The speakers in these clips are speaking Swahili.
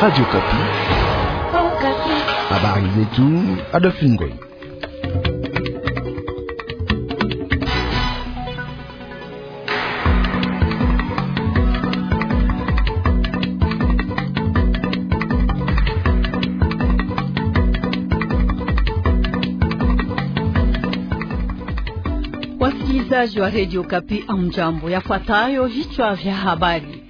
Radio oh, Kapi. Habari zetu Adolphe Ngoy. Wasikilizaji wa Radio Kapi, amjambo. Yafuatayo vichwa vya habari.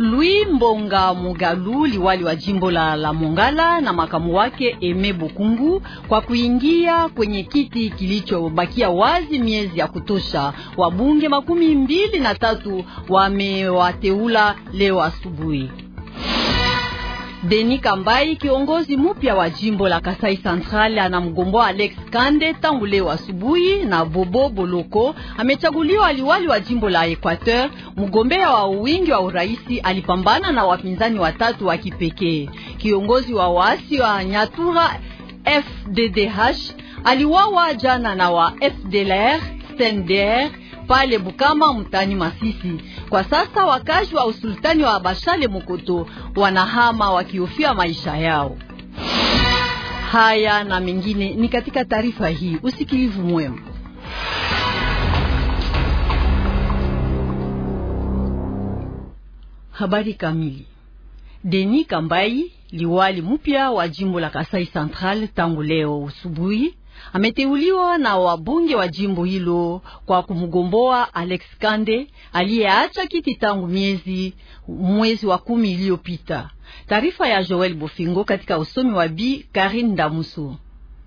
Louis Mbonga Mugalu, liwali wa jimbo la, la Mongala na makamu wake Eme Bukungu kwa kuingia kwenye kiti kilichobakia wazi miezi ya kutosha. Wabunge makumi mbili na tatu wamewateula leo asubuhi. Deni Kambai, kiongozi mupya wa jimbo la Kasai Central, anamgomboa Alex Kande tangu leo asubuhi, na Bobo Boloko amechaguliwa aliwali wa jimbo la Equateur. Mgombea wa uwingi wa uraisi alipambana na wapinzani watatu wa kipekee. Kiongozi wa waasi wa Nyatura FDDH aliwawa jana na wa FDLR SNDR pale Bukama mtani Masisi. Kwa sasa wakazi wa usultani wa Bashale Mokoto wanahama wakihofia maisha yao. Haya na mengine ni katika taarifa hii. Usikilivu mwema. Habari kamili. Deni Kambai, liwali mupya wa jimbo la Kasai Central tangu leo usubuhi ameteuliwa na wabunge wa jimbo hilo kwa kumgomboa Alex Kande aliyeacha kiti tangu miezi mwezi wa kumi iliyopita. Taarifa ya Joel Bofingo katika usomi wa Bi Karin Damusu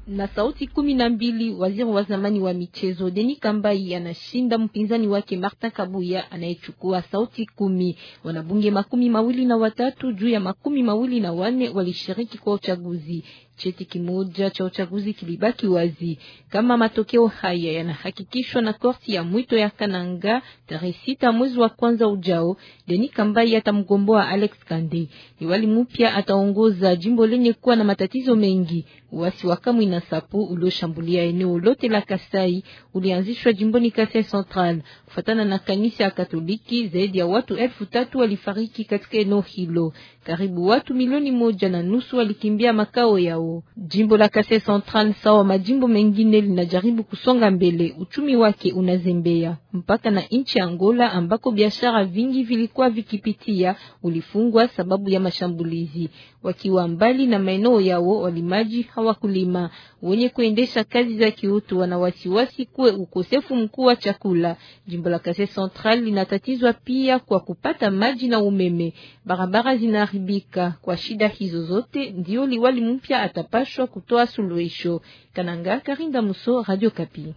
na sauti kumi na mbili. Waziri wa zamani wa michezo Deni Kambai anashinda mpinzani wake martin Kabuya anayechukua sauti kumi. Wanabunge makumi mawili na watatu juu ya makumi mawili na wanne walishiriki kwa uchaguzi cheti kimoja cha uchaguzi kilibaki wazi. Kama matokeo haya yanahakikishwa na korti ya mwito ya Kananga tarehe sita mwezi wa kwanza ujao, Deni Kambai atamgomboa Alex Kande. Liwali mpya ataongoza jimbo lenye kuwa na matatizo mengi. Uasi wa Kamwi na Sapu ulioshambulia eneo lote la Kasai ulianzishwa jimboni Kasai Central. Kufatana na kanisa ya Katoliki, zaidi ya watu elfu tatu walifariki katika eneo hilo. Karibu watu milioni moja na nusu walikimbia makao yao. Jimbo la Kasai Central sawa majimbo mengine linajaribu kusonga mbele, uchumi wake unazembea. Mpaka na nchi Angola ambako biashara vingi vilikuwa vikipitia ulifungwa sababu ya mashambulizi wakiwa mbali na maeneo yao, walimaji hawakulima. Wenye kuendesha kazi za kiutu wana wasiwasi kuwe ukosefu mkuu wa chakula. Jimbo la Kasai Central linatatizwa pia kwa kupata maji na umeme, barabara zinaharibika. Kwa shida hizo zote, ndio liwali mpya atapashwa kutoa suluhisho. Kananga Karinda Muso, Radio Kapi.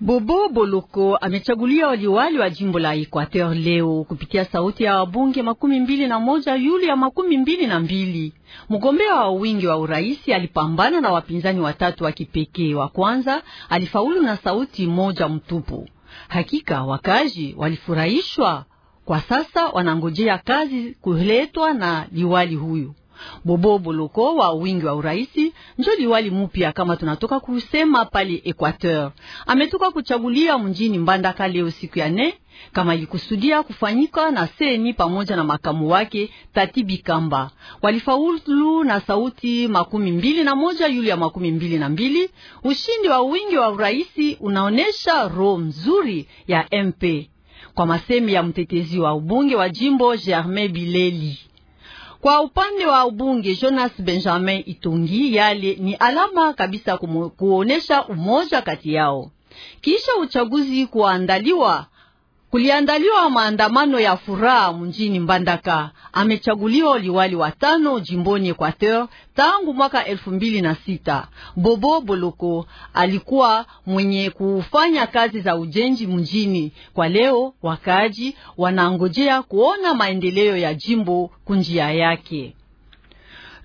Bobo Boloko amechaguliwa waliwali wa jimbo la Equateur leo kupitia sauti ya wabunge makumi mbili na moja yuli ya makumi mbili na mbili. Mgombea wa wingi wa urahisi alipambana na wapinzani watatu wa kipekee. Wa kwanza alifaulu na sauti moja mtupu. Hakika wakazi walifurahishwa. Kwa sasa wanangojea kazi kuletwa na liwali huyu. Bobo Boloko wa wingi wa uraisi njo liwali mupya kama tunatoka kusema pale Equateur, ametoka kuchagulia mjini Mbandaka leo siku ya nne kama ilikusudia kufanyika na seni pamoja na makamu wake Tati Bikamba. Walifaulu na sauti makumi mbili na moja yuli ya makumi mbili na mbili. Ushindi wa wingi wa uraisi unaonesha roho mzuri ya MP, kwa masemi ya mtetezi wa ubunge wa jimbo Germain Bileli. Kwa upande wa ubunge Jonas Benjamin Itungi, yale ni alama kabisa kuonesha umoja kati yao kisha uchaguzi kuandaliwa Kuliandaliwa maandamano ya furaha mjini Mbandaka. Amechaguliwa liwali wa tano jimboni Equateur tangu mwaka elfu mbili na sita. Bobo Boloko alikuwa mwenye kufanya kazi za ujenzi mjini. Kwa leo, wakaaji wanangojea kuona maendeleo ya jimbo kunjia yake.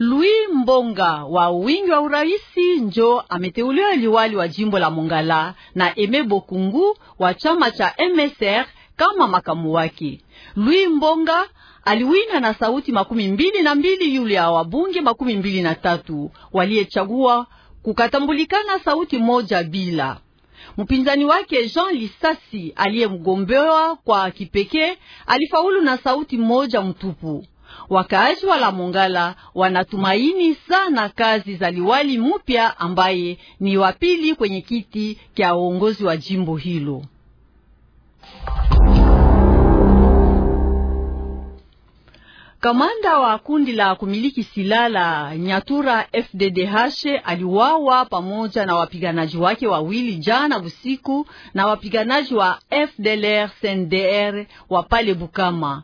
Louis Mbonga wa wingi wa uraisi njo ameteuliwa liwali wa jimbo la Mongala na Eme Bokungu wa chama cha MSR kama makamu wake. Louis Mbonga aliwina na sauti makumi mbili na mbili yule ya wabunge makumi mbili na tatu waliyechagua kukatambulikana sauti moja bila mpinzani wake Jean Lisasi aliyemgombewa kwa kipekee alifaulu na sauti moja mtupu. Wakaaji wa Lamongala wanatumaini sana kazi za liwali mupya ambaye ni wa pili kwenye kiti kya uongozi wa jimbo hilo. Kamanda wa kundi la kumiliki silaha la Nyatura FDDH aliwawa pamoja na wapiganaji wake wawili jana usiku na wapiganaji wa FDLR CNDR wa pale Bukama.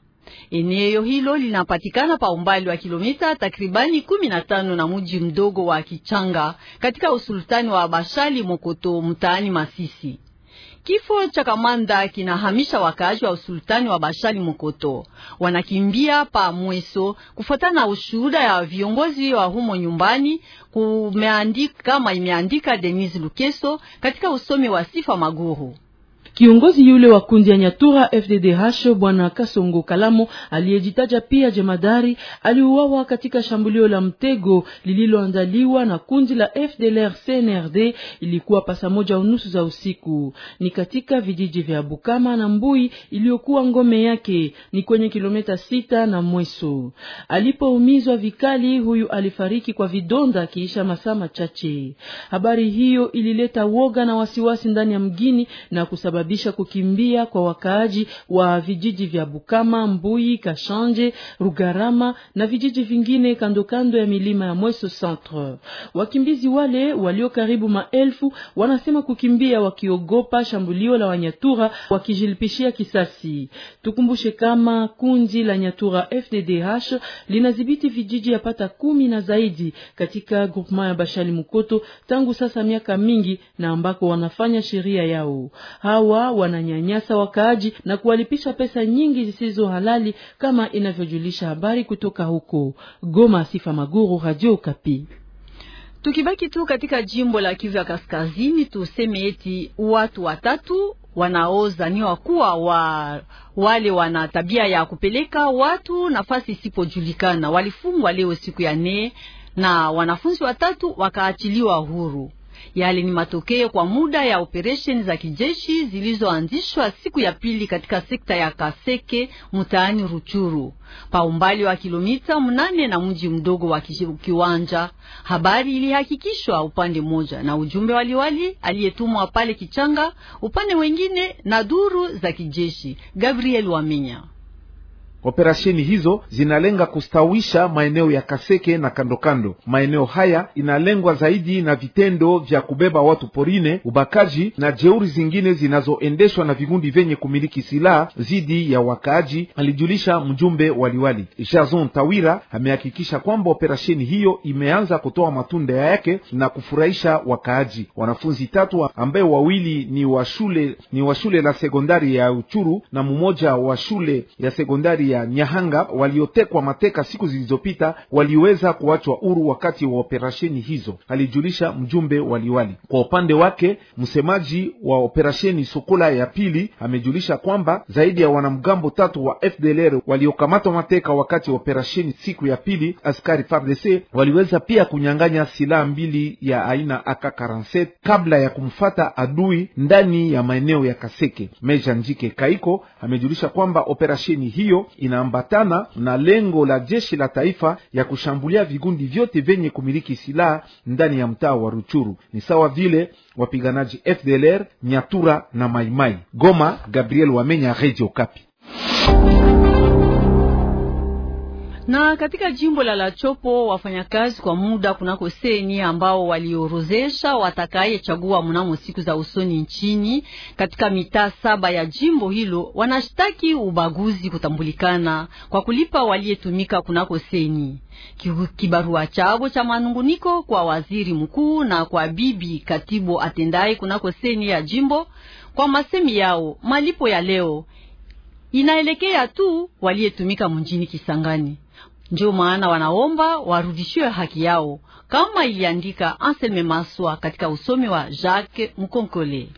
Eneo hilo linapatikana pa umbali wa kilomita takribani kumi na tano na mdogo wa Kichanga katika usultani wa Bashali Mokoto mtaani Masisi. Kifo cha kamanda kinahamisha wakaaji wa usultani wa Bashali Mokoto, wanakimbia pa Mweso kufuatana na ushuhuda ya viongozi wa humo nyumbani, kumeandika kama imeandika Denise Lukeso katika usomi wa Sifa Maguru. Kiongozi yule wa kundi ya Nyatura FDDH bwana Kasongo Kalamo aliyejitaja pia jemadari aliuawa katika shambulio la mtego lililoandaliwa na kundi la FDLR CNRD, ilikuwa pasa moja unusu za usiku, ni katika vijiji vya Bukama na Mbui iliyokuwa ngome yake, ni kwenye kilomita sita na Mweso. Alipoumizwa vikali, huyu alifariki kwa vidonda akiisha masaa machache. Habari hiyo ilileta woga na wasiwasi ndani ya mgini na kusababisha kusababisha kukimbia kwa wakaaji wa vijiji vya Bukama, Mbui, Kashanje, Rugarama na vijiji vingine kando kando ya milima ya Mweso Centre. Wakimbizi wale walio karibu maelfu wanasema kukimbia wakiogopa shambulio la Wanyatura wakijilipishia kisasi. Tukumbushe kama kundi la Nyatura FDDH linadhibiti vijiji yapata kumi na zaidi katika groupement ya Bashali Mukoto tangu sasa miaka mingi na ambako wanafanya sheria yao. Hawa hawa wananyanyasa wakaaji na kuwalipisha pesa nyingi zisizo halali kama inavyojulisha habari kutoka huko Goma. Sifa Maguru, Radio Kapi. Tukibaki tu katika jimbo la Kivu ya Kaskazini, tuseme eti watu watatu wanaozaniwa kuwa wa wale wana tabia ya kupeleka watu nafasi isipojulikana walifungwa leo siku ya nne, na wanafunzi watatu wakaachiliwa huru. Yale ni matokeo kwa muda ya operesheni za kijeshi zilizoanzishwa siku ya pili katika sekta ya Kaseke mtaani Ruchuru pa umbali wa kilomita mnane na mji mdogo wa Kiwanja. Habari ilihakikishwa upande mmoja na ujumbe waliwali aliyetumwa pale Kichanga, upande mwingine na duru za kijeshi. Gabriel Wamenya Operasheni hizo zinalenga kustawisha maeneo ya Kaseke na kandokando. Maeneo haya inalengwa zaidi na vitendo vya kubeba watu porine, ubakaji na jeuri zingine zinazoendeshwa na vikundi vyenye kumiliki silaha dhidi ya wakaaji, alijulisha mjumbe waliwali. Jason Tawira amehakikisha kwamba operasheni hiyo imeanza kutoa matunda yake na kufurahisha wakaaji. Wanafunzi tatu ambaye wawili ni wa shule ni wa shule la sekondari ya Uchuru na mmoja wa shule ya sekondari ya Nyahanga waliotekwa mateka siku zilizopita waliweza kuachwa huru wakati wa operasheni hizo, alijulisha mjumbe wa liwali. Kwa upande wake, msemaji wa operasheni Sokola ya pili amejulisha kwamba zaidi ya wanamgambo tatu wa FDLR waliokamatwa mateka wakati wa operasheni siku ya pili, askari FARDC waliweza pia kunyang'anya silaha mbili ya aina AK47 kabla ya kumfata adui ndani ya maeneo ya Kaseke. Meja Njike Kaiko amejulisha kwamba operasheni hiyo inaambatana na lengo la jeshi la taifa ya kushambulia vigundi vyote vyenye kumiliki silaha ndani ya mtaa wa Ruchuru, ni sawa vile wapiganaji FDLR, Nyatura na Maimai. Goma, Gabriel Wamenya, Radio kapi na katika jimbo la Lachopo wafanyakazi kwa muda kunako seni ambao waliorozesha watakayechagua mnamo siku za usoni nchini katika mitaa saba ya jimbo hilo wanashtaki ubaguzi kutambulikana kwa kulipa waliyetumika kunako seni. Kibarua chabo cha manunguniko kwa waziri mkuu na kwa bibi katibu atendaye kunako seni ya jimbo kwa masemi yao, malipo ya leo inaelekea tu waliyetumika mjini Kisangani. Ndio maana wanaomba warudishiwe haki yao, kama iliandika Anselme Maswa katika usomi wa Jacques Mkonkole.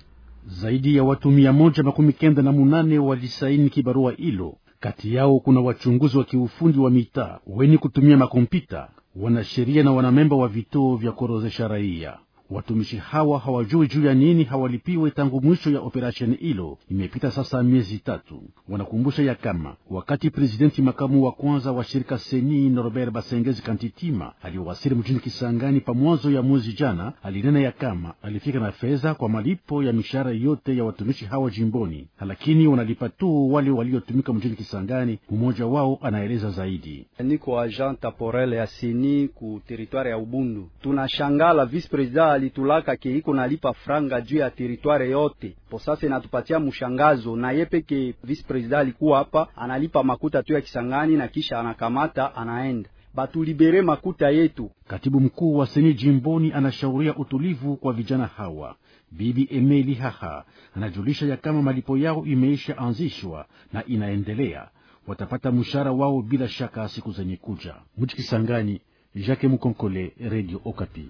Zaidi ya watu mia moja makumi kenda na munane walisaini kibarua hilo. Kati yao kuna wachunguzi wa kiufundi wa mitaa wenye kutumia makompyuta, wanasheria na wanamemba wa vituo vya kuorozesha raia. Watumishi hawa hawajui juu ya nini hawalipiwe tangu mwisho ya operasheni hilo, imepita sasa miezi tatu. Wanakumbusha ya kama wakati prezidenti makamu wa kwanza wa shirika Seni Norbert Basengezi Kantitima aliwasili mjini Kisangani pa mwanzo ya mwezi jana, alinena ya kama alifika na fedha kwa malipo ya mishahara yote ya watumishi hawa jimboni, lakini wanalipa tu wale waliotumika mjini Kisangani. Mmoja wao anaeleza zaidi. Niko agent temporel ya Seni ku ya Ubundu, tunashangala vice president alitulaka ke keiko nalipa franga juu ya teritware yote. Po sasa inatupatia mshangazo na ye peke vice president alikuwa hapa analipa makuta tu ya Kisangani na kisha anakamata anaenda batulibere makuta yetu. Katibu mkuu wa seni jimboni anashauria utulivu kwa vijana hawa. Bibi Emeli Haha anajulisha ya kama malipo yao imeisha anzishwa na inaendelea, watapata mshahara wao bila shaka siku zenye kuja. Mujikisangani, Jacques Mukonkole, Radio Okapi.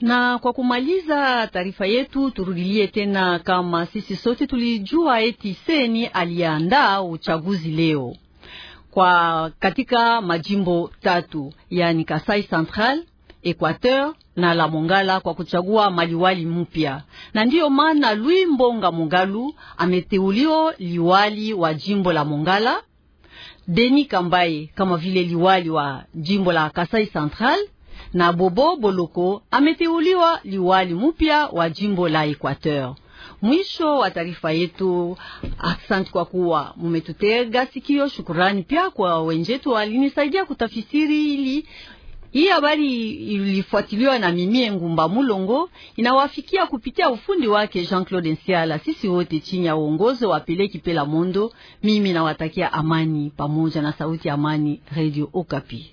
Na kwa kumaliza taarifa yetu, turudilie tena kama sisi sote tulijua eti Seni aliandaa uchaguzi leo kwa katika majimbo tatu, yani Kasai Central, Equateur na la Mongala kwa kuchagua maliwali mpya, na ndiyo maana Lui Mbonga Mongalu ameteuliwa liwali wa jimbo la Mongala, Deni Kambaye kama vile liwali wa jimbo la Kasai Central na Bobo Boloko ameteuliwa liwali mupya wa jimbo la Equateur. Mwisho wa taarifa yetu. Asante kwa kuwa mumetutega sikio. Shukurani pia kwa wenjetu walinisaidia kutafisiri ili hii habari ilifuatiliwa na Mimie Ngumba Mulongo, inawafikia kupitia ufundi wake Jean-Claude Nsiala. Sisi wote chini ya uongozi wa Pele Kipela Mondo, mimi nawatakia amani pamoja na sauti ya amani, Radio Okapi.